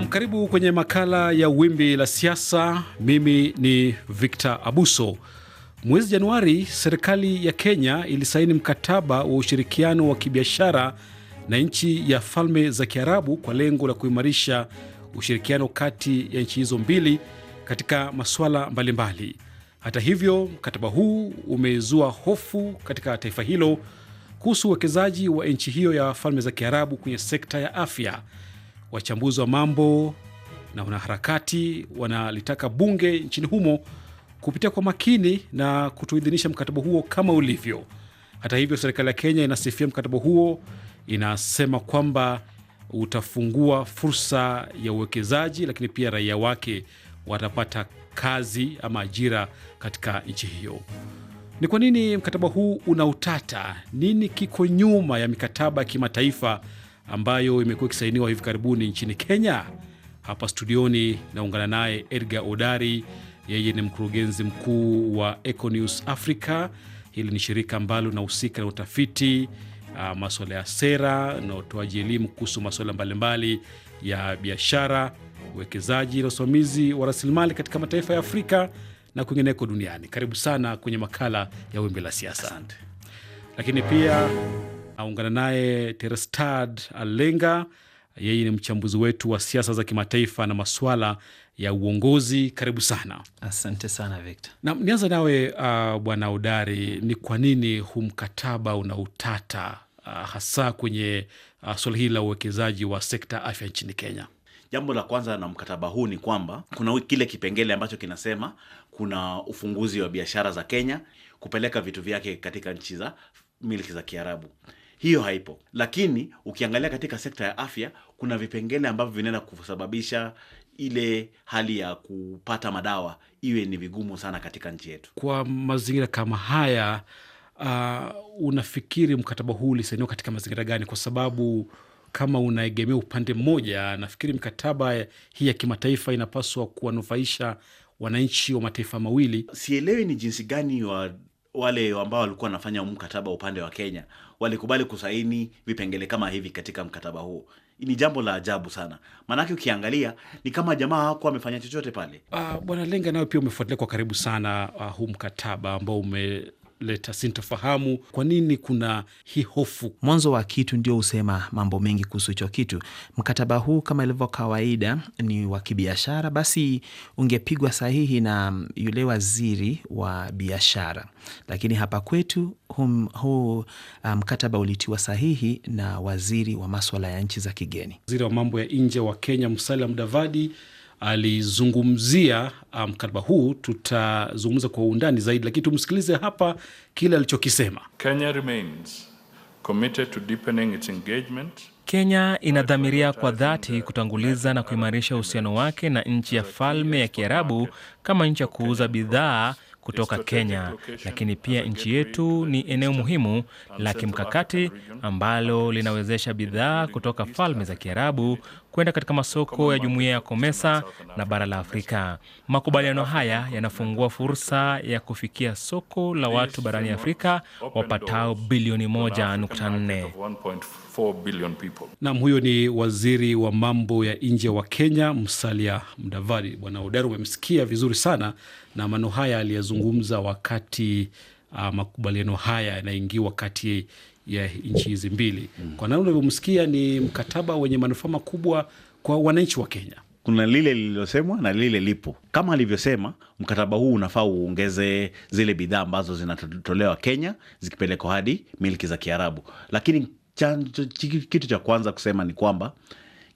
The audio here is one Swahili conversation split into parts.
Nam, karibu kwenye makala ya wimbi la siasa. Mimi ni Victor Abuso. Mwezi Januari, serikali ya Kenya ilisaini mkataba wa ushirikiano wa kibiashara na nchi ya Falme za Kiarabu kwa lengo la kuimarisha ushirikiano kati ya nchi hizo mbili katika masuala mbalimbali. Hata hivyo, mkataba huu umezua hofu katika taifa hilo kuhusu uwekezaji wa nchi hiyo ya Falme za Kiarabu kwenye sekta ya afya. Wachambuzi wa mambo na wanaharakati wanalitaka bunge nchini humo kupitia kwa makini na kutuidhinisha mkataba huo kama ulivyo. Hata hivyo, serikali ya Kenya inasifia mkataba huo, inasema kwamba utafungua fursa ya uwekezaji, lakini pia raia wake watapata kazi ama ajira katika nchi hiyo. Ni kwa nini mkataba huu una utata? Nini kiko nyuma ya mikataba ya kimataifa ambayo imekuwa ikisainiwa hivi karibuni nchini Kenya. Hapa studioni naungana naye Edgar Odari, yeye ni mkurugenzi mkuu wa Econews Africa. Hili ni shirika ambalo linahusika na utafiti uh, maswala ya sera na utoaji elimu kuhusu maswala mbalimbali ya biashara, uwekezaji na usimamizi wa rasilimali katika mataifa ya Afrika na kwingineko duniani. Karibu sana kwenye makala ya Wimbi la Siasa, lakini pia Aungana naye Terestad Alenga, yeye ni mchambuzi wetu wa siasa za kimataifa na maswala ya uongozi. Karibu sana. Asante sana Victor. Na nianza nawe uh, bwana Udari, ni kwa nini huu mkataba una utata uh, hasa kwenye uh, suala hili la uwekezaji wa sekta afya nchini Kenya? Jambo la kwanza na mkataba huu ni kwamba kuna kile kipengele ambacho kinasema kuna ufunguzi wa biashara za Kenya kupeleka vitu vyake katika nchi za milki za Kiarabu hiyo haipo. Lakini ukiangalia katika sekta ya afya, kuna vipengele ambavyo vinaenda kusababisha ile hali ya kupata madawa iwe ni vigumu sana katika nchi yetu. Kwa mazingira kama haya, uh, unafikiri mkataba huu ulisainiwa katika mazingira gani? Kwa sababu kama unaegemea upande mmoja, nafikiri mkataba hii ya kimataifa inapaswa kuwanufaisha wananchi wa mataifa mawili. Sielewi ni jinsi gani wa wale ambao walikuwa wanafanya mkataba upande wa Kenya walikubali kusaini vipengele kama hivi katika mkataba huo. Ni jambo la ajabu sana, maanake ukiangalia ni kama jamaa hawakuwa wamefanya chochote pale. Uh, Bwana Lenga, nayo pia umefuatilia kwa karibu sana uh, huu mkataba ambao ume leta sintofahamu. Kwa nini kuna hii hofu? Mwanzo wa kitu ndio husema mambo mengi kuhusu hicho kitu. Mkataba huu kama ilivyo kawaida ni wa kibiashara, basi ungepigwa sahihi na yule waziri wa biashara, lakini hapa kwetu huu uh, mkataba um, ulitiwa sahihi na waziri wa maswala ya nchi za kigeni, waziri wa mambo ya nje wa Kenya Musalia Mudavadi alizungumzia um, mkataba um, huu. Tutazungumza kwa undani zaidi, lakini tumsikilize hapa kile alichokisema. Kenya remains committed to deepening its engagement Kenya inadhamiria kwa dhati kutanguliza na kuimarisha uhusiano wake na nchi ya Falme ya Kiarabu kama nchi ya kuuza bidhaa kutoka Kenya, lakini pia nchi yetu ni eneo muhimu la kimkakati ambalo linawezesha bidhaa kutoka Falme za Kiarabu kwenda katika masoko ya jumuiya ya COMESA na bara la Afrika. Makubaliano haya yanafungua fursa ya kufikia soko la watu barani Afrika wapatao bilioni 1.4. Nam, huyo ni waziri wa mambo ya nje wa Kenya, Musalia Mudavadi. Bwana Odero, umemsikia vizuri sana na maneno haya aliyazungumza wakati uh, makubaliano haya yanaingiwa kati ya nchi hizi mbili mm. Kwa namna ulivyomsikia ni mkataba wenye manufaa makubwa kwa wananchi wa Kenya. Kuna lile lililosemwa na lile lipo. Kama alivyosema, mkataba huu unafaa uongeze zile bidhaa ambazo zinatolewa Kenya zikipelekwa hadi milki za Kiarabu, lakini chanzo, kitu cha kwanza kusema ni kwamba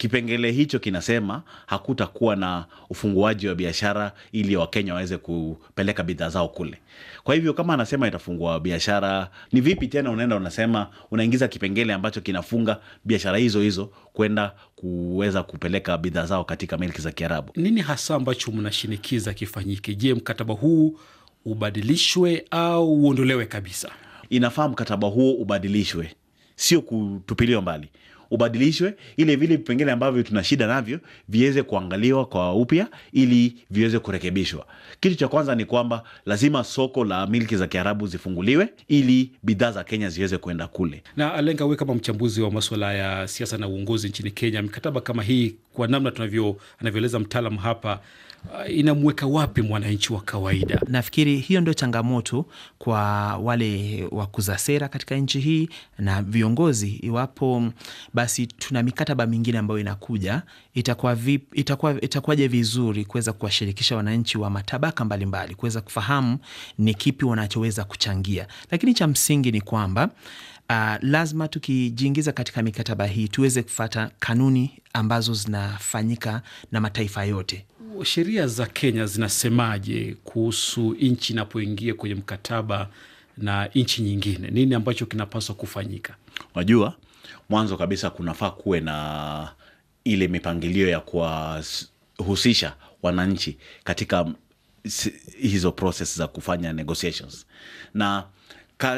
Kipengele hicho kinasema hakutakuwa na ufunguaji wa biashara ili Wakenya waweze kupeleka bidhaa zao kule. Kwa hivyo kama anasema itafungua biashara, ni vipi tena unaenda unasema unaingiza kipengele ambacho kinafunga biashara hizo hizo kwenda kuweza kupeleka bidhaa zao katika milki za Kiarabu? Nini hasa ambacho mnashinikiza kifanyike? Je, mkataba huu ubadilishwe au uondolewe kabisa? Inafaa mkataba huo ubadilishwe, sio kutupiliwa mbali ubadilishwe, ile vile vipengele ambavyo tuna shida navyo viweze kuangaliwa kwa upya ili viweze kurekebishwa. Kitu cha kwanza ni kwamba lazima soko la milki za Kiarabu zifunguliwe ili bidhaa za Kenya ziweze kuenda kule. Na Alenga, we kama mchambuzi wa maswala ya siasa na uongozi nchini Kenya, mikataba kama hii kwa namna tunavyo anavyoeleza mtaalamu hapa Uh, inamweka wapi mwananchi wa kawaida? Nafikiri hiyo ndio changamoto kwa wale wakuza sera katika nchi hii na viongozi. Iwapo basi tuna mikataba mingine ambayo inakuja, itakuwa vipi, itakuwa itakuwaje vizuri kuweza kuwashirikisha wananchi wa matabaka mbalimbali kuweza kufahamu ni kipi wanachoweza kuchangia, lakini cha msingi ni kwamba Uh, lazima tukijiingiza katika mikataba hii tuweze kufata kanuni ambazo zinafanyika na mataifa yote sheria za Kenya zinasemaje kuhusu nchi inapoingia kwenye mkataba na nchi nyingine? Nini ambacho kinapaswa kufanyika? Unajua, mwanzo kabisa kunafaa kuwe na ile mipangilio ya kuwahusisha wananchi katika hizo process za kufanya negotiations na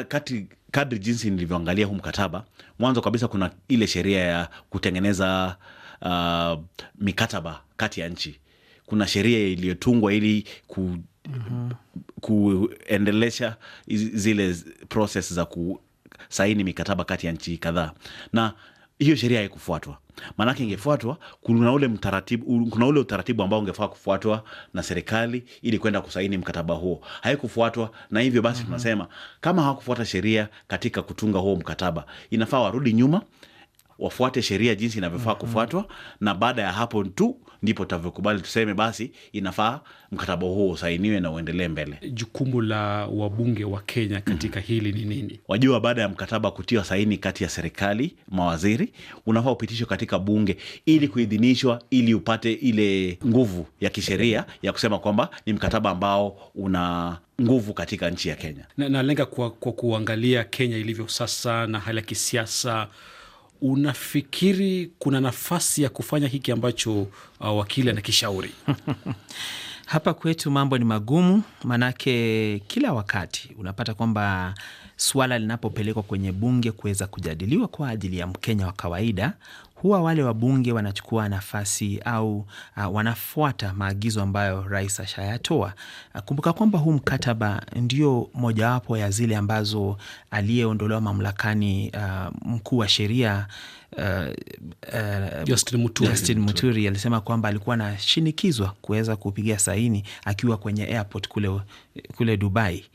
kati kadri jinsi nilivyoangalia huu mkataba, mwanzo kabisa kuna ile sheria ya kutengeneza uh, mikataba kati ya nchi kuna sheria iliyotungwa ili ku Mm -hmm. kuendelesha zile proses za kusaini mikataba kati ya nchi kadhaa, na hiyo sheria haikufuatwa. Maanake ingefuatwa, kuna ule mtaratibu, kuna ule utaratibu ambao ungefaa kufuatwa na serikali ili kwenda kusaini mkataba huo, haikufuatwa. Na hivyo basi, mm -hmm. tunasema kama hawakufuata sheria katika kutunga huo mkataba, inafaa warudi nyuma wafuate sheria jinsi inavyofaa mm-hmm. kufuatwa, na baada ya hapo tu ndipo tutavyokubali tuseme basi inafaa mkataba huo usainiwe na uendelee mbele. Jukumu la wabunge wa Kenya katika mm -hmm. hili ni nini? Wajua, baada ya mkataba kutiwa saini kati ya serikali, mawaziri, unafaa upitishwe katika bunge ili kuidhinishwa, ili upate ile nguvu ya kisheria ya kusema kwamba ni mkataba ambao una nguvu katika nchi ya Kenya. Nalenga na kwa, kwa kuangalia Kenya ilivyo sasa na hali ya kisiasa unafikiri kuna nafasi ya kufanya hiki ambacho uh, wakili anakishauri? Hapa kwetu mambo ni magumu, manake kila wakati unapata kwamba swala linapopelekwa kwenye bunge kuweza kujadiliwa kwa ajili ya Mkenya wa kawaida, huwa wale wabunge wanachukua nafasi au uh, wanafuata maagizo ambayo rais ashayatoa. Uh, kumbuka kwamba huu mkataba ndio mojawapo ya zile ambazo aliyeondolewa mamlakani uh, mkuu wa sheria Uh, uh, Justin Muturi, Justin Muturi alisema kwamba alikuwa anashinikizwa kuweza kupiga saini akiwa kwenye airport kule, kule Dubai,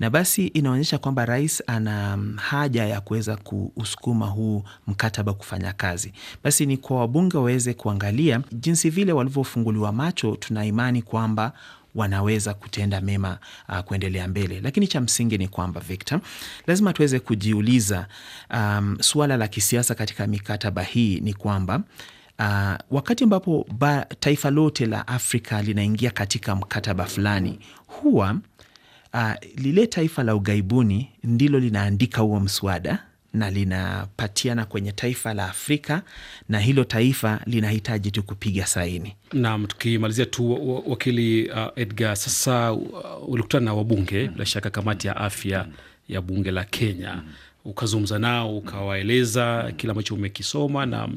na basi inaonyesha kwamba rais ana mm, haja ya kuweza kuusukuma huu mkataba kufanya kazi basi ni kwa wabunge waweze kuangalia jinsi vile walivyofunguliwa macho. tunaimani kwamba wanaweza kutenda mema uh, kuendelea mbele. Lakini cha msingi ni kwamba Victor, lazima tuweze kujiuliza um, suala la kisiasa katika mikataba hii ni kwamba Uh, wakati ambapo taifa lote la Afrika linaingia katika mkataba fulani huwa uh, lile taifa la ughaibuni ndilo linaandika huo mswada na linapatiana kwenye taifa la Afrika na hilo taifa linahitaji tu kupiga saini. Naam, tukimalizia tu wakili uh, Edgar, sasa uh, ulikutana na wabunge mm. bila mm shaka kamati ya afya mm ya bunge la Kenya mm ukazungumza nao mm. ukawaeleza mm kile ambacho umekisoma na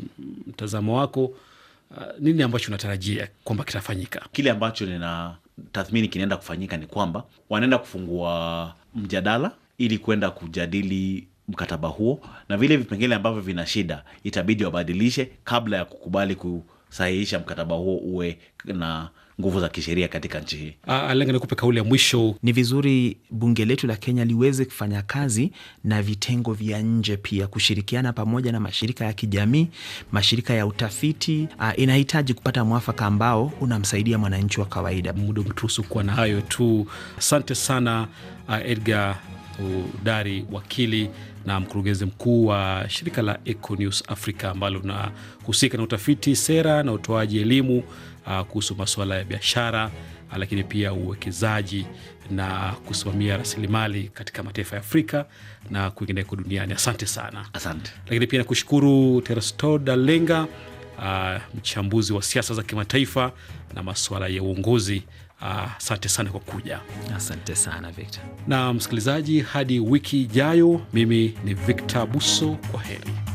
mtazamo wako uh, nini ambacho unatarajia kwamba kitafanyika? Kile ambacho nina tathmini kinaenda kufanyika ni kwamba wanaenda kufungua mjadala ili kuenda kujadili mkataba huo, na vile vipengele ambavyo vina shida itabidi wabadilishe kabla ya kukubali kusahihisha mkataba huo uwe na nguvu za kisheria katika nchi hii. Ah, ah, nikupe kauli ya mwisho. Ni vizuri bunge letu la Kenya liweze kufanya kazi na vitengo vya nje pia, kushirikiana pamoja na mashirika ya kijamii, mashirika ya utafiti. Ah, inahitaji kupata mwafaka ambao unamsaidia mwananchi wa kawaida. Muda umeturuhusu kuwa na hayo tu. Asante sana Edgar Hodari, wakili na mkurugenzi mkuu wa shirika la Econews Africa ambalo linahusika na utafiti, sera na utoaji elimu ah, kuhusu masuala ya biashara, ah, lakini pia uwekezaji na kusimamia rasilimali katika mataifa ya Afrika na kwingineko duniani. Asante sana. Asante. Lakini pia nakushukuru Terastoda uh, ah, mchambuzi wa siasa za kimataifa na masuala ya uongozi Asante uh, sana kwa kuja. Asante sana Victor. Na msikilizaji, hadi wiki ijayo, mimi ni Victor Buso, kwa heri.